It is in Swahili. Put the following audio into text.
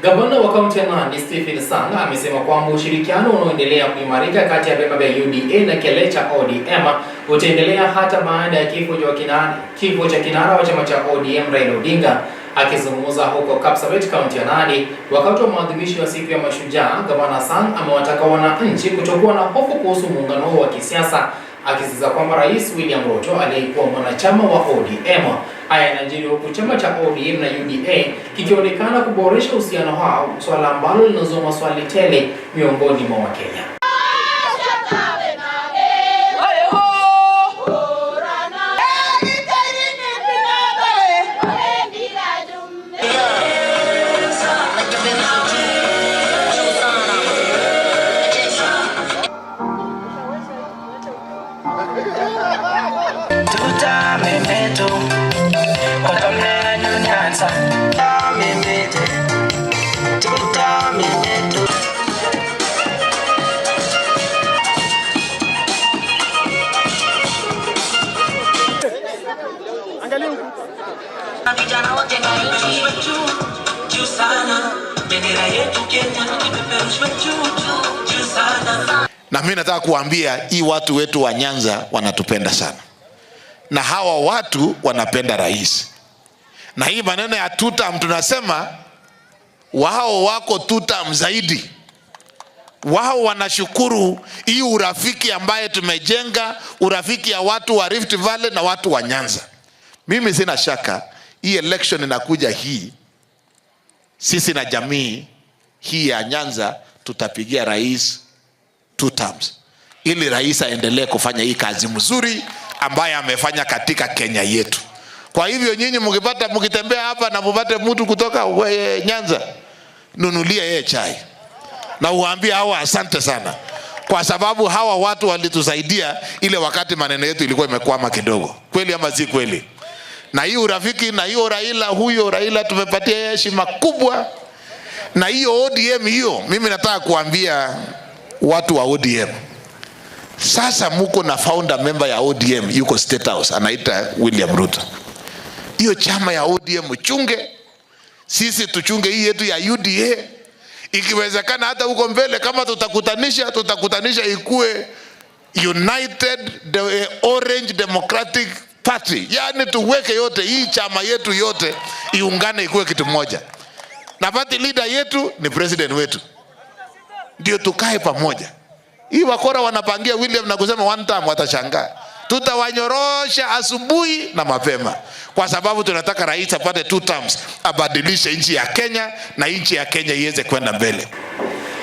Gavana wa kaunti ya Nandi Stephen Sang amesema kwamba ushirikiano unaoendelea kuimarika kati ya vyama vya UDA na kile cha ODM utaendelea hata baada ya kifo cha kinara kifo cha kinara wa chama cha ODM Raila Odinga. Akizungumza huko Kapsabet, kaunti ya Nandi, wakati wa maadhimisho ya siku ya mashujaa, Gavana Sang amewataka wananchi kutokuwa na hofu kuhusu muungano huo wa kisiasa akisisitiza kwamba Rais William Ruto aliyekuwa mwanachama wa ODM haya yanajiri huku chama cha ODM na UDA kikionekana kuboresha uhusiano wao, swala ambalo linazua maswali tele miongoni mwa Wakenya. tutame metu kotamnena nyunyanza tame mete tutame metu vijana wote na nchi wetu juu sana bendera yetu Kenya ipeperushwe juu juu juu sana na mimi nataka kuambia hii watu wetu wa Nyanza wanatupenda sana, na hawa watu wanapenda rais, na hii maneno ya tutam tunasema wao wako tutam zaidi. Wao wanashukuru hii urafiki ambaye tumejenga, urafiki ya watu wa Rift Valley na watu wa Nyanza. Mimi sina shaka hii election inakuja hii, sisi na jamii hii ya Nyanza tutapigia rais two terms ili rais aendelee kufanya hii kazi mzuri ambaye amefanya katika Kenya yetu. Kwa hivyo nyinyi mkipata mkitembea hapa na mpate mtu kutoka we, eh, Nyanza, nunulia yeye chai na uambie hawa asante sana, kwa sababu hawa watu walitusaidia ile wakati maneno yetu ilikuwa imekwama kidogo, kweli ama si kweli? Na hii urafiki na hiyo Raila, huyo Raila tumepatia heshima kubwa, na hiyo ODM hiyo, mimi nataka kuambia watu wa ODM. Sasa muko na founder member ya ODM yuko State House anaita William Ruto. Hiyo chama ya ODM chunge, sisi tuchunge hii yetu ya UDA. Ikiwezekana hata huko mbele kama tutakutanisha, tutakutanisha ikue United the Orange Democratic Party, yani tuweke yote hii chama yetu yote iungane ikuwe kitu moja, na party leader yetu ni president wetu ndio tukae pamoja. Hii wakora wanapangia William na kusema one time, watashangaa. Tutawanyorosha asubuhi na mapema, kwa sababu tunataka rais apate two terms, abadilishe nchi ya Kenya na nchi ya Kenya iweze kwenda mbele.